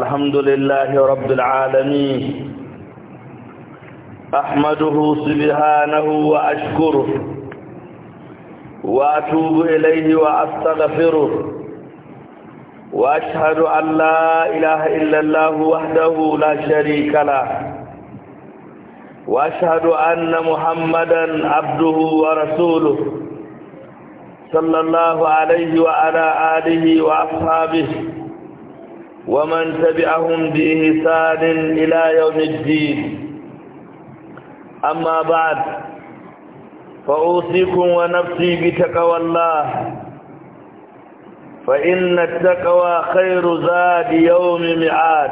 الحمد لله رب العالمين أحمده سبحانه وأشكره وأتوب إليه وأستغفره وأشهد أن لا إله إلا الله وحده لا شريك له وأشهد أن محمدا عبده ورسوله صلى الله عليه وعلى آله وأصحابه ومن تبعهم بإحسان إلى يوم الدين أما بعد فأوصيكم ونفسي بتقوى الله فإن التقوى خير زاد يوم ميعاد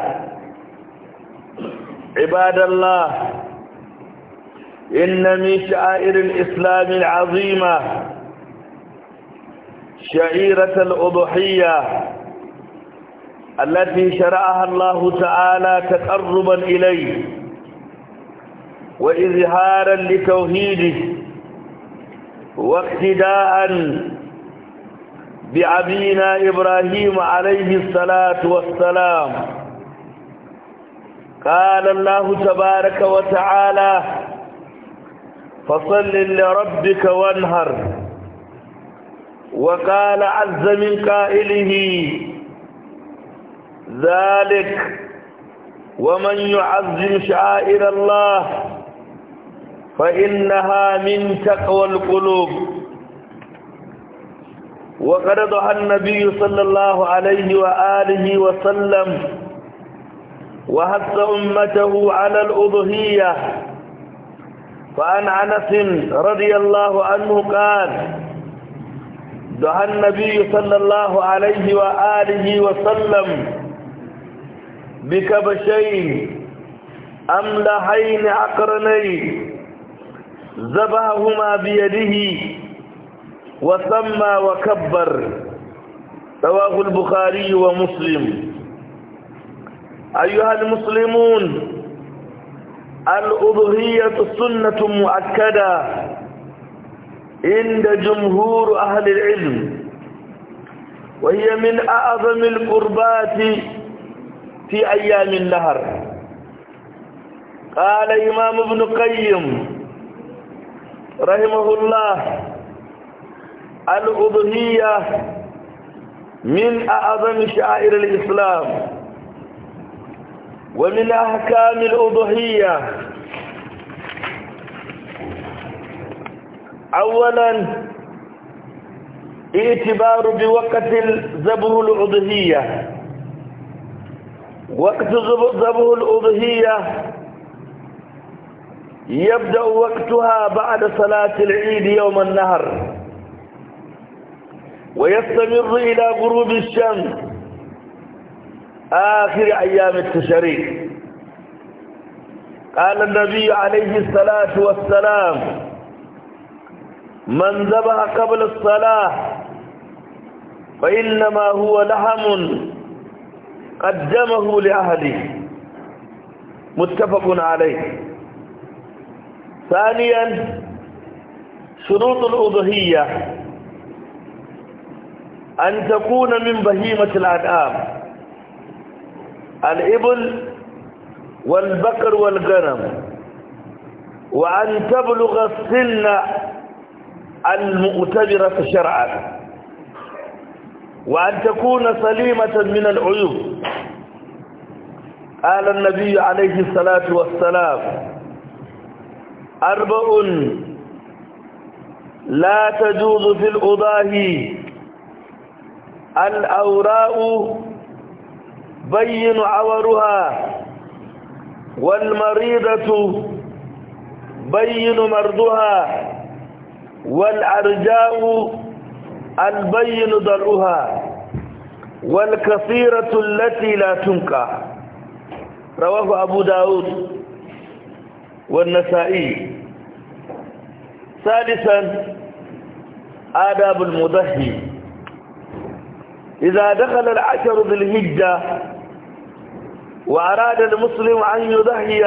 عباد الله إن من شعائر الإسلام العظيمة شعيرة الأضحية التي شرعها الله تعالى تقربا إليه وإظهارا لتوحيده واقتداء بعبينا إبراهيم عليه الصلاة والسلام قال الله تبارك وتعالى فصل لربك وانهر وقال عز من قائله ذلك ومن يعظم شعائر الله فإنها من تقوى القلوب وقد النبي صلى الله عليه وآله وسلم وهث أمته على الأضحية فعن أنس رضي الله عنه قال دعا النبي صلى الله عليه وآله وسلم بكبشين أملحين أقرنين ذبحهما بيده وسمى وكبر رواه البخاري ومسلم أيها المسلمون الأضحية سنة مؤكدة عند جمهور أهل العلم وهي من أعظم القربات في أيام النهر قال إمام ابن قيم رحمه الله الأضحية من أعظم شعائر الإسلام ومن أحكام الأضحية أولا اعتبار بوقت الذبح الأضحية وقت ذبح الأضحية يبدأ وقتها بعد صلاة العيد يوم النهر ويستمر إلى غروب الشمس آخر أيام التشريق قال النبي عليه الصلاة والسلام من ذبح قبل الصلاة فإنما هو لحم قدمه لأهله متفق عليه ثانيا شروط الأضحية أن تكون من بهيمة الأنعام الإبل والبقر والغنم وأن تبلغ السن المؤتبرة شرعا وأن تكون سليمة من العيوب قال النبي عليه الصلاة والسلام أربع لا تجوز في الأضاهي الأوراء بين عورها والمريضة بين مرضها والأرجاء البين ضلها والكثيرة التي لا تنقى رواه أبو داود والنسائي ثالثا آداب المضحي إذا دخل العشر بالهجة وأراد المسلم أن يضحي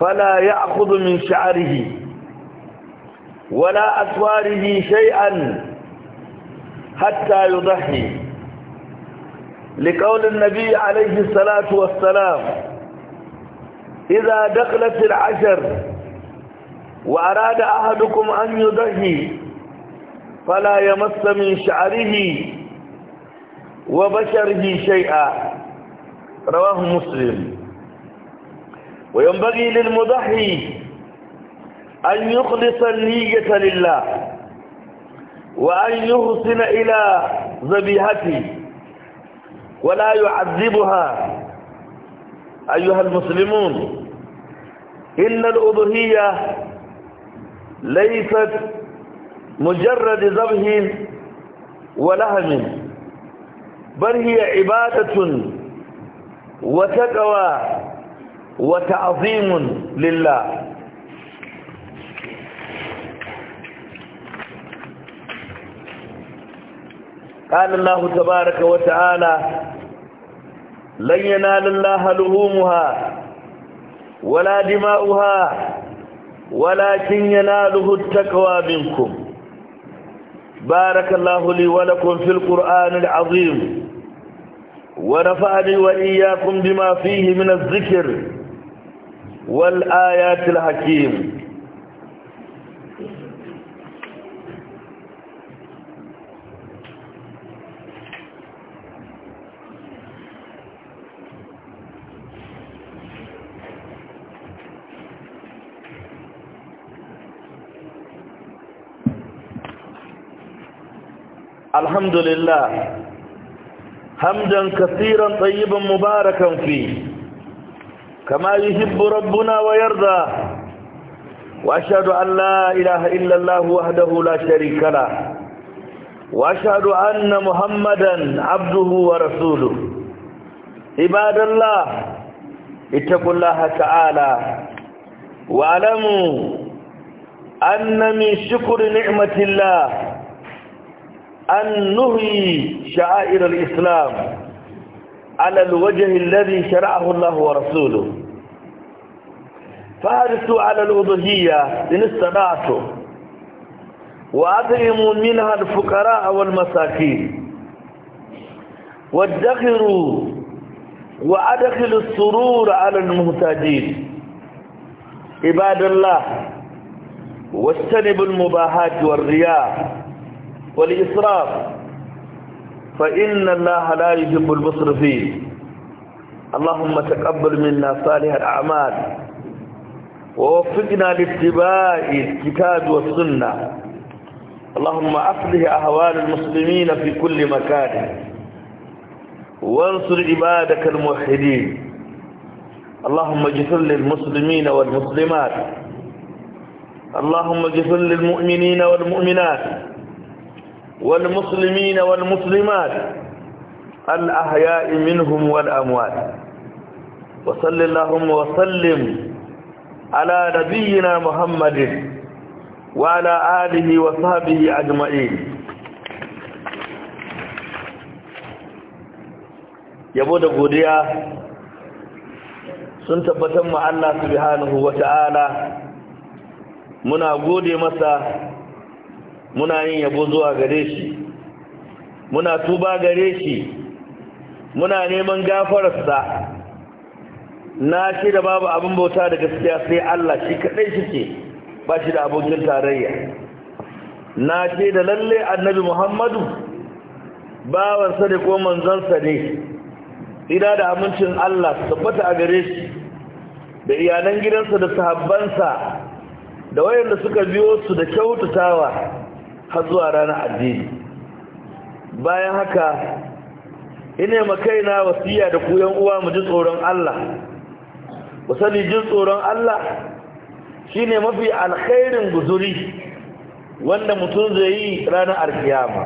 فلا يأخذ من شعره ولا أسواره شيئا حتى يضحي لقول النبي عليه الصلاة والسلام إذا دخلت العشر وأراد أحدكم أن يضحي فلا يمس من شعره وبشره شيئا رواه مسلم وينبغي للمضحي أن يخلص النية لله وأن يحسن إلى ذبيحته ولا يعذبها أيها المسلمون إن الأضحية ليست مجرد ذبح ولهم بل هي عبادة وتقوى وتعظيم لله قال الله تبارك وتعالى لن ينال الله لهومها ولا دماؤها ولكن يناله التقوى منكم بارك الله لي ولكم في القرآن العظيم ونفعني وإياكم بما فيه من الذكر والآيات الحكيم الحمد لله حمدا كثيرا طيبا مباركا فيه كما يحب ربنا ويرضى وأشهد أن لا إله إلا الله وحده لا شريك له وأشهد أن محمدا عبده ورسوله عباد الله اتقوا الله تعالى واعلموا أن من شكر نعمة الله أن نهي شعائر الإسلام على الوجه الذي شرعه الله ورسوله فارسوا على الأضحية إن استطعتم وأطعموا منها الفقراء والمساكين وادخروا وأدخلوا السرور على المحتاجين عباد الله واجتنبوا المباهات والرياء والإسراف فإن الله لا يحب فيه اللهم تقبل منا صالح الأعمال ووفقنا لاتباع الكتاب والسنة اللهم أصلح أهوال المسلمين في كل مكان وانصر عبادك الموحدين اللهم اغفر للمسلمين والمسلمات اللهم اغفر للمؤمنين والمؤمنات والمسلمين والمسلمات الأحياء منهم والأموات وصل اللهم وسلم على نبينا محمد وعلى آله وصحبه أجمعين yabo da godiya sun tabbatar mu Allah subhanahu wata'ala muna gode masa muna yin yabo zuwa gare shi muna tuba gare shi muna neman gafararsa na shi da babu abin bauta da gaskiya sai Allah shi kaɗai shi ce ba shi da abokin tarayya na ce da lalle annabi muhammadu bawansa da ko manzansa ne ina da amincin Allah tabbata a gare shi da iyalan gidansa da sahabbansa da wayanda suka biyo su da kyautatawa har zuwa ranar addini bayan haka ina makaina wasiya da ku yan uwa mu ji tsoron Allah ku sani jin tsoron Allah shine mafi alkhairin guzuri wanda mutum zai yi ranar alkiyama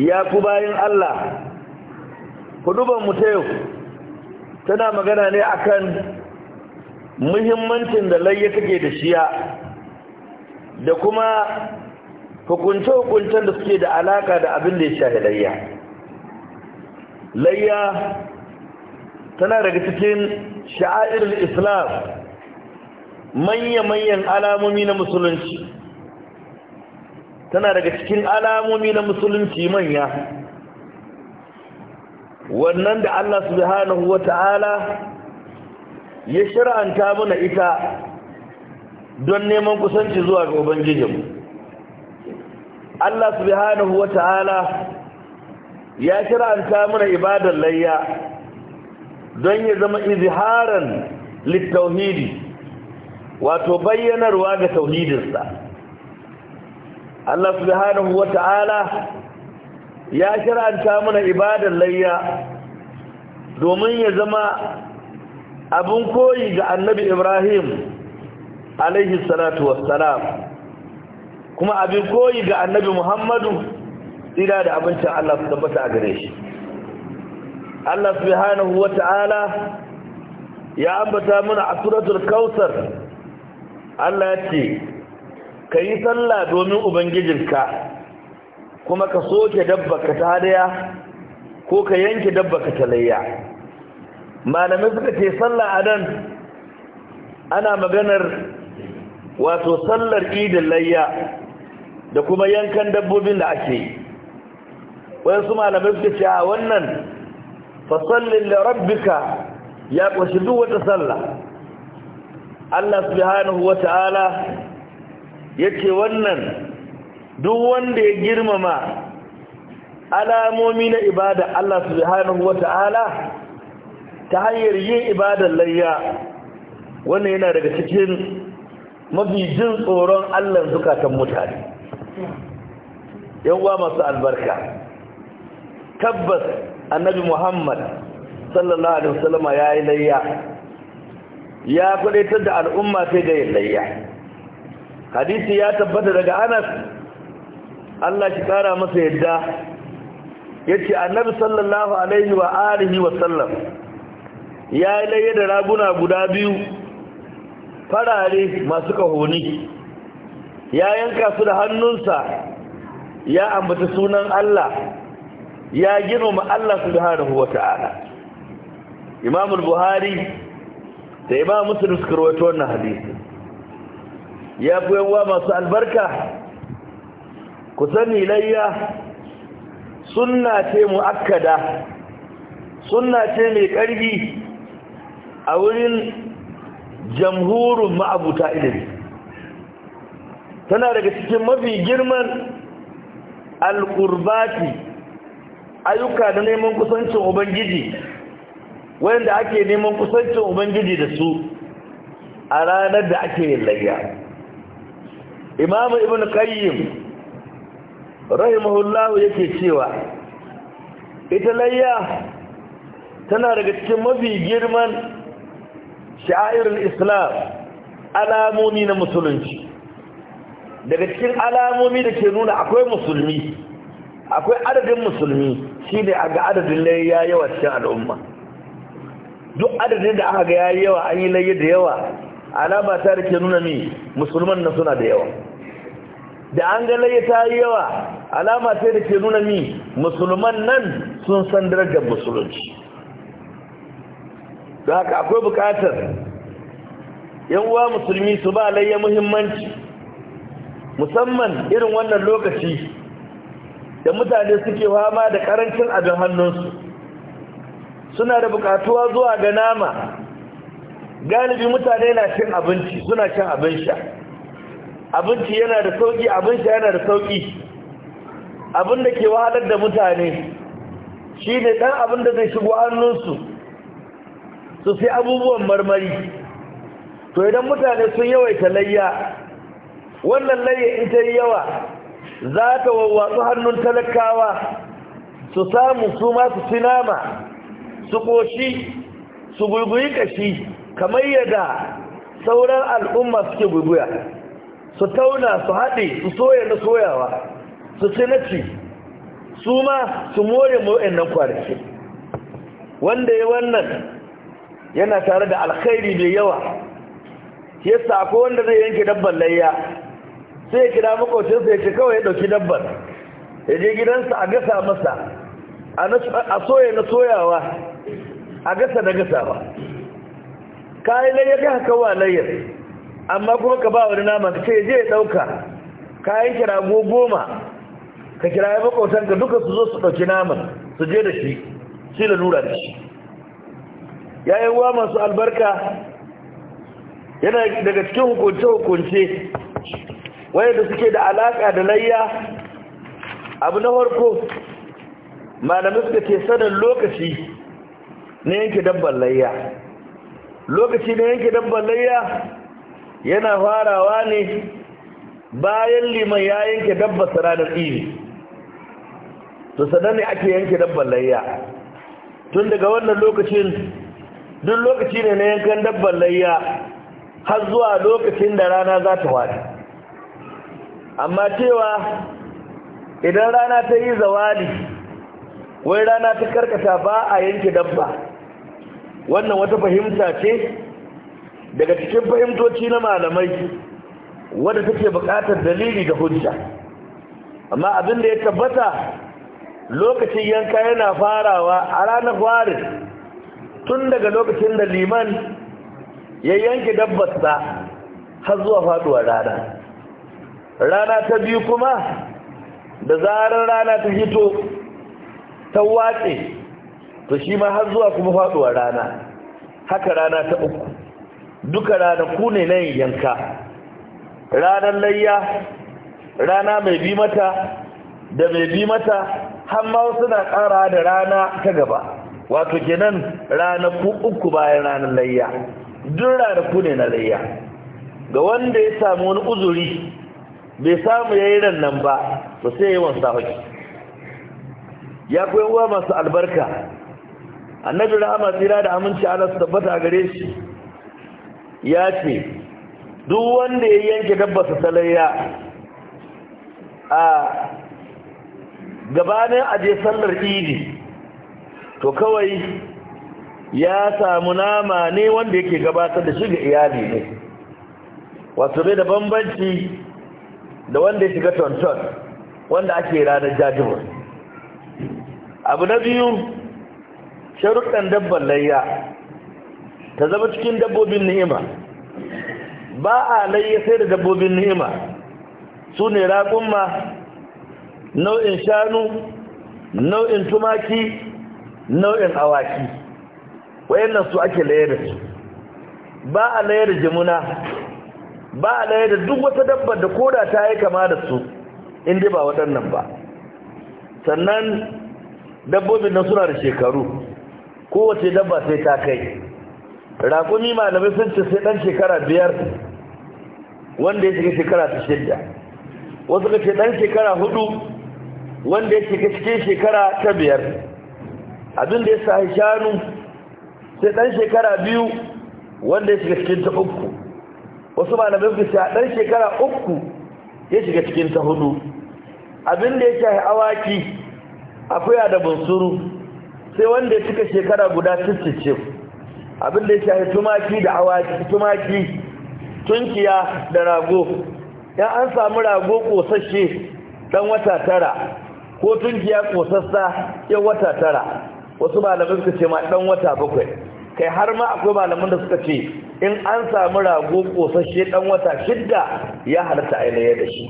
ya ku bayan Allah kuduban mu ta yau tana magana ne akan muhimmancin da layya take da shiya da kuma hukunce-hukuncen da suke da alaka da abin da ya shahi layya layya tana daga cikin sha'a'ir islam manya-manyan alamomi na musulunci tana daga cikin alamomi na musulunci manya wannan da Allah subhanahu Ta'ala ya shir'anta mana ita don neman kusanci zuwa ga ubangijinmu Allah subhanahu wa ta'ala ya kiranta mana ibadar layya don ya zama izharan littauhidi wato bayyanarwa ga tauhidinsa Allah subhanahu wa ta'ala ya kiranta mana ibadar layya domin ya zama abin koyi ga annabi Ibrahim alaihi salatu wassalam kuma abin koyi ga annabi muhammadu tsira da abincin allah su tabbata a gare shi allah subhanahu wa ta'ala ya ambata mana a suratul kausar allah ya ce ka yi sallah domin ubangijinka kuma ka soke dabbaka ta hadaya ko ka yanke dabbaka ta layya malamai suka ce sallah a nan ana maganar wato sallar idin layya da kuma yankan dabbobin da ake yi su malamai suka ce a wannan fasallin da rabbika ya ƙwashi duk wata sallah Allah subhanahu wa ta'ala ya ce wannan duk wanda ya girmama alamomi na ibada Allah subhanahu wa ta'ala ta hanyar yin ibadar layya wannan yana daga cikin mafi jin tsoron Allah zukatan mutane uwa masu albarka tabbas annabi muhammad sallallahu alaihi wasallama ya yi layya ya kudaitar da al'umma sai ga yin layya hadisi ya tabbata daga anas Allah shi kara masa yadda yace annabi sallallahu alaihi wa alihi wa sallam ya yi layya da raguna guda biyu farare masu kahoni ya yanka su da hannunsa ya ambata sunan Allah ya girmama Allah subhanahu Wa Imam al-Buhari da Imam Muslim suka karwato wannan hadisi ya fi yawa masu albarka ku sani layya sunna ce muakkada sunna ce mai ƙarfi a wurin jamhurin ma'abuta ilimi tana daga cikin mafi girman alƙurbati ayyuka da neman kusancin ubangiji wanda ake neman kusancin ubangiji da su a ranar da ake yin layya imamu ibn Kayyim rahimahullahu yake cewa ita layya tana daga cikin mafi girman sha'irin islam alamomi na musulunci daga cikin alamomi da ke nuna akwai musulmi akwai adadin musulmi shi ne a ga adadin layi ya yawa cikin al'umma duk adadin da aka ga ya yawa an yi layi da yawa alama ta da ke nuna mi musulman na suna da yawa da an ga layi ta yi yawa alama ta da ke nuna mi musulman nan sun san darajar musulunci da haka akwai bukatar yan uwa musulmi su ba layi muhimmanci musamman irin wannan lokaci da mutane suke fama da karancin abin hannunsu suna da bukatuwa zuwa ga nama galibi mutane na cin abinci suna cin abin sha abinci yana da sauki abin sha yana da sauki abin da ke wahalar da mutane shine dan abin da zai shigo hannunsu su sai abubuwan marmari to idan mutane sun yawaita layya wannan laye in ta yi yawa za ta wawwatsu hannun talakawa su samu su masu sinama su ƙoshi su gurguyi ƙashi kamar yadda sauran al'umma suke gurguya su tauna su haɗe su soya na soyawa su ci na ci su ma su more mawa'in nan kwanaki wanda ya wannan yana tare da alkhairi mai yawa yasa ko wanda zai yanke dabban layya sai ya kira makwacin ya ce kawai ya dauki dabbar ya je gidansa a gasa masa a soya na soyawa a gasa na gasawa kayi layyar ya kawo layyar amma kuma ka ba wani nama ka ce je ya dauka kayan kira goma ka kira ya ka duka su zo su ɗauki naman su je da shi shi da nura da shi yayin wa masu albarka yana daga cikin hukunce-hukunce da suke da alaka da layya abu na farko malamai suka ce sanin lokaci na yanke dabban layya lokaci na yanke dabban layya yana farawa ne bayan liman ya yanke dabba ranar iri to sanar ne ake yanke dabban layya tun daga wannan lokacin duk lokaci ne na yankan dabban layya har zuwa lokacin da rana za ta wada amma cewa idan rana ta yi zawali wai rana ta karkata ba a yanke dabba wannan wata fahimta ce daga cikin fahimtoci na malamai wadda take bukatar dalili da hujja amma abin da ya tabbata lokacin yanka yana farawa a ranar warin tun daga lokacin da liman ya yanke dabbarsa har zuwa faduwa rana rana ta biyu kuma da zarar rana ta hito ta watse to shi ma har zuwa kuma faduwar rana haka rana ta uku duka rana ku ne nan yanka ranar layya rana mai bi mata da mai bi mata har ma wasu na ƙara da rana ta gaba wato kenan ranaku uku bayan ranar layya duk ranaku ne na layya ga wanda ya samu wani uzuri bai samu ya yi ran nan ba ba sai ya yi wansa ya kuwa uwa masu albarka annabi rahama tsira da aminci ana su tabbata a gare shi ya ce duk wanda ya yanke dabbasa salayya a gabanin aje sallar idi to kawai ya samu nama ne wanda yake gabatar da shiga iyali ne wato bai da bambanci da wanda ya shiga tonton wanda ake ranar jajibar abu na biyu sharuɗan dabbar layya ta zama cikin dabbobin ni'ima ba a layya sai da dabbobin ni'ima su ne raƙumma nau'in shanu nau'in tumaki nau'in awaki wayannan su ake layar da su ba a layar jimuna ba laye da duk wata dabbar da koda ta yi kama da su inda ba waɗannan ba sannan dabbobin na suna da shekaru kowace dabba sai ta kai raƙumi malamai sun ce sai ɗan shekara biyar wanda ya shiga shekara ta shidda wasu ka ce ɗan shekara hudu wanda ya shiga cikin shekara ta biyar abin da ya sa shanu sai ɗan shekara biyu wanda ya shiga cikin ta uku wasu ba na babbi a ɗan shekara uku ya shiga cikin ta hudu abinda ya shahi awaki akuya da bunsuru sai wanda ya cika shekara guda Abin abinda ya shahi tumaki da awaki tumaki tunkiya da rago ya an samu rago kosashe ɗan wata tara ko tunkiya kosassa ya wata tara wasu ba na bin ce ma dan wata bakwai kai har ma akwai malaman da suka ce in an samu rago kosashe dan wata shidda ya halatta yanayi da shi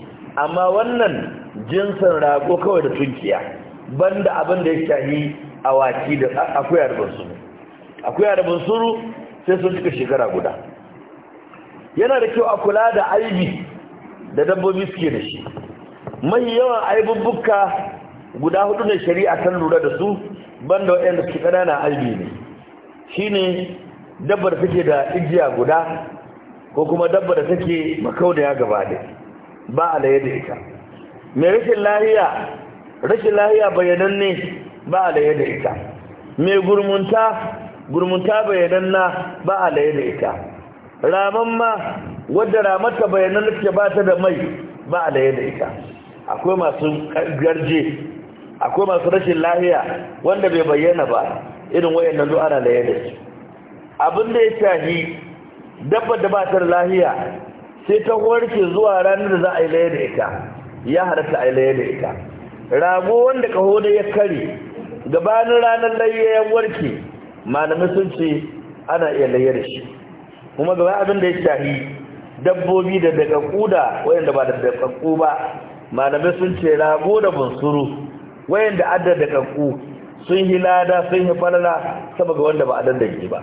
amma wannan jinsin rago kawai da tunkiya banda abin da ya shahi waki da akwai rabin suru akwai rabin suru sai sun cika shekara guda yana da kyau a kula da aibi da dabbobi suke da shi mai yawan aibubbuka guda hudu ne shari'a kan lura da su banda waɗanda suke ƙanana aibi ne shine dabbar take da igiya guda ko kuma dabbar da take makaudaya gaba da ba a layar da ita mai rashin lahiya rashin lahiya bayanan ne, ba a layar da ita mai gurmunta gurmunta na, ba a layar da ita raman ma wadda ramata bayanan take ba ta da mai ba a layar da ita akwai masu garje akwai masu rashin lahiya wanda bai bayyana ba irin wayannan duk ana laye da su abin da ya shahi dabba da ba ta lahiya sai ta warke zuwa ranar da za a yi laye da ita ya halatta a yi laye da ita rago wanda kaho da ya kare gabanin ranar laye ya warke malamai sun ce ana iya laye da shi kuma gaba abin da ya shahi dabbobi da daga kuda wayanda ba da daga ba malamai sun ce rago da bunsuru wayanda adda daga ku sun yi lada sun yi falala saboda wanda ba a dandake ba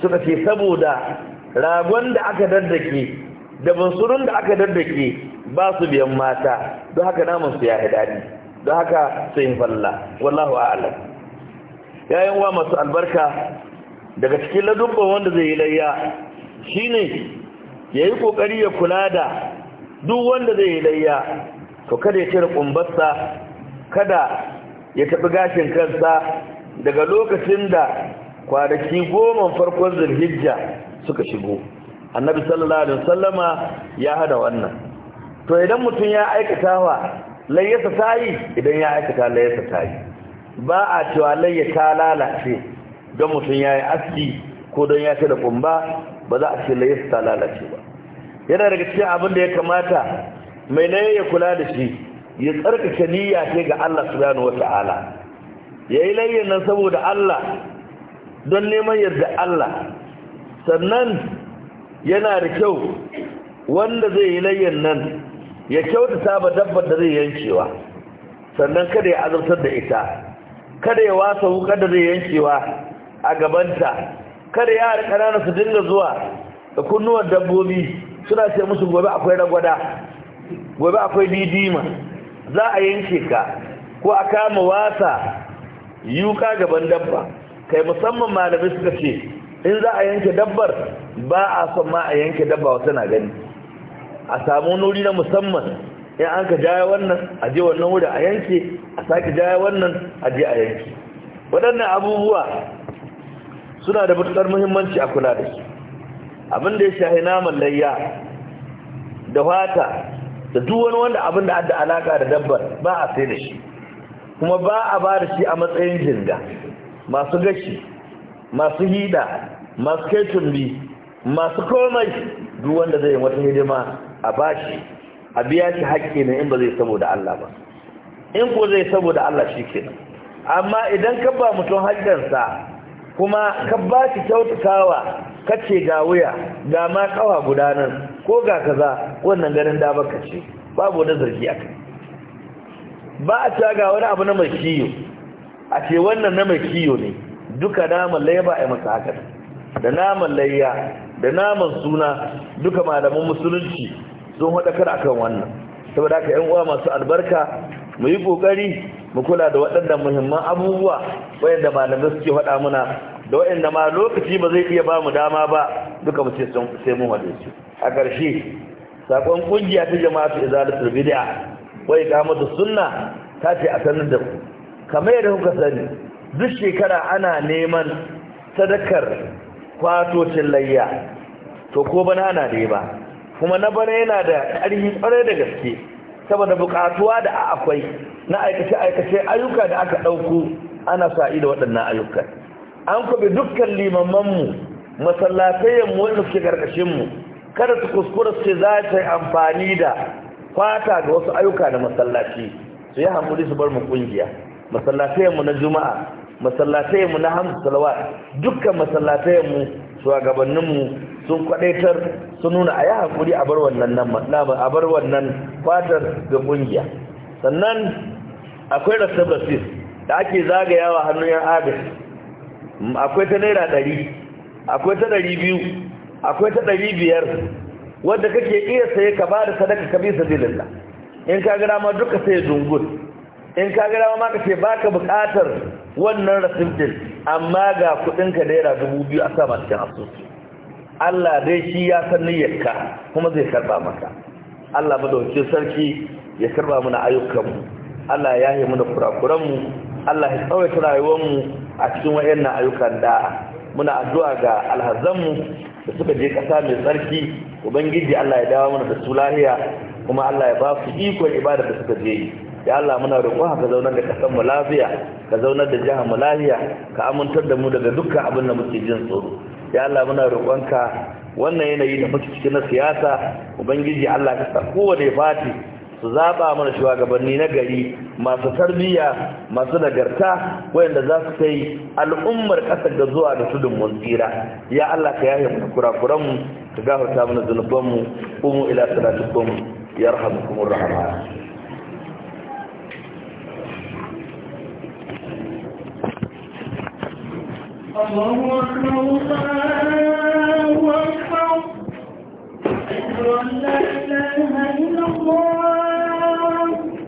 suka ce saboda ragon da aka dandake da bansurun da aka dandake ba su biyan mata don haka namun su ya yi daɗi don haka sun yi falala wallahu a'alam yayin wa masu albarka daga cikin ladubban wanda zai yi layya shine ya yi kokari ya kula da duk wanda zai yi layya to kada ya cire kumbarsa kada ya taɓi gashin kansa daga lokacin da kwanaki goma farkon zulhijja suka shigo annabi sallallahu alaihi wasallama ya hada wannan to idan mutum ya aikata wa layyasa tayi idan ya aikata layyasa tayi ba a cewa layyata lalace don mutum ya yi aski ko don ya da kumba ba za a ce layyasa lalace ba yana daga cikin abin da ya kamata mai layya ya kula da shi ya tsarkake niyya ce ga Allah subhanahu wata'ala yayi layyan nan saboda Allah don neman yarda Allah sannan yana da kyau wanda zai yi layyan nan ya kyautata ba dabbar da zai yankewa sannan kada ya azurtar da ita kada ya wasa wukar da zai yankewa a gabanta kada harka ƙanana su dinga zuwa da kunnuwar dabbobi suna ce musu gobe akwai ragwada gobe akwai didima za a yanke ka ko a kama wasa yuka gaban dabba kai musamman malami suka ce in za a yanke dabbar ba a son ma a yanke dabba wata na gani a samu nuri na musamman in an ka jaya wannan a je wannan wuri a yanke a sake jaya wannan a je a yanke waɗannan abubuwa suna da matuƙar muhimmanci a kula da su abin da ya shahi naman layya da fata da duk wani wanda abin da adda alaka da dabbar ba a sai da shi kuma ba a ba da shi a matsayin jinga masu gashi masu hida masu kai bi masu komai duk wanda zai wata hidima a shi a biya shi haƙƙi ne in ba zai saboda Allah ba in ko zai saboda Allah shi ke. amma idan ka ba mutum sa, kuma ka ba shi kyautatawa ce ga wuya ga ma kawa gudanar ko ga kaza wannan ganin da baka ce babu wani zargi a ba a ta ga wani abu na mai kiyo a ce wannan na mai kiyo ne duka naman layya ba a masa haka da naman layya da naman suna duka malaman musulunci sun haɗa kar akan wannan saboda haka yan uwa masu albarka mu yi kokari mu kula da waɗannan muhimman abubuwa wayanda malamai suke faɗa muna da wayanda ma lokaci ba zai iya ba mu dama ba duka mu ce sai mun haɗe a ƙarshe saƙon ƙungiya ta jama'atu da bid'a wai ga mata sunna ta ce a sanar da ku kamar yadda kuka sani duk shekara ana neman sadakar kwatocin layya to ko bana ana da ba kuma na bana yana da ƙarfi ƙwarai da gaske saboda buƙatuwa da a akwai na aikace aikace ayyuka da aka ɗauko ana sa ido waɗannan ayyukan an kwabe dukkan limamanmu masallatayyanmu wanda suke mu. kada su kuskura su za ta yi amfani da fata ga wasu ayyuka da masallaci su yi hamuri su bar mu kungiya masallatayenmu na juma'a masallatayenmu na hamdu salawat dukkan masallatayenmu shugabanninmu sun kwadaitar sun nuna a yi hakuri a bar wannan a bar wannan fatar ga kungiya sannan akwai rasabrasis da ake zagayawa hannun yan abin akwai ta naira ɗari akwai ta ɗari biyu akwai ta ɗari biyar wadda kake iya saye ka ba da sadaka ka bisa sabilillah in ka gara ma duka sai dungun in ka gara ma ka ce baka bukatar wannan rasimtin amma ga kuɗinka ka naira dubu biyu a sama cikin asusu Allah dai shi ya san niyyarka kuma zai karba maka Allah madaukakin sarki ya karba mana ayyukan mu Allah ya yi mana kurakuran mu Allah ya tsawaita rayuwar mu a cikin wayannan ayyukan da'a muna addu'a ga alhazanmu da suka je kasa mai tsarki ubangiji Allah ya dawo mana da su lahiya kuma Allah ya ba su ikon ibada da suka je yi ya Allah muna roƙon ka zaunar da kasan mu lafiya ka zaunar da jihar mu lafiya ka amintar da mu daga dukkan abin da muke jin tsoro ya Allah muna roƙon ka wannan yanayi da muke cikin na siyasa ubangiji Allah ka sa kowane fati su zaɓa mana shugabanni na gari masu tarbiyya masu nagarta wayanda za su kai al'ummar ƙasar da zuwa da tudun mun ya Allah ka yaye mu kurakuran mu ka gafarta mana zunuban mu umu ila salatukum yarhamukumur rahman الله أكبر الله أكبر أشهد أن لا إله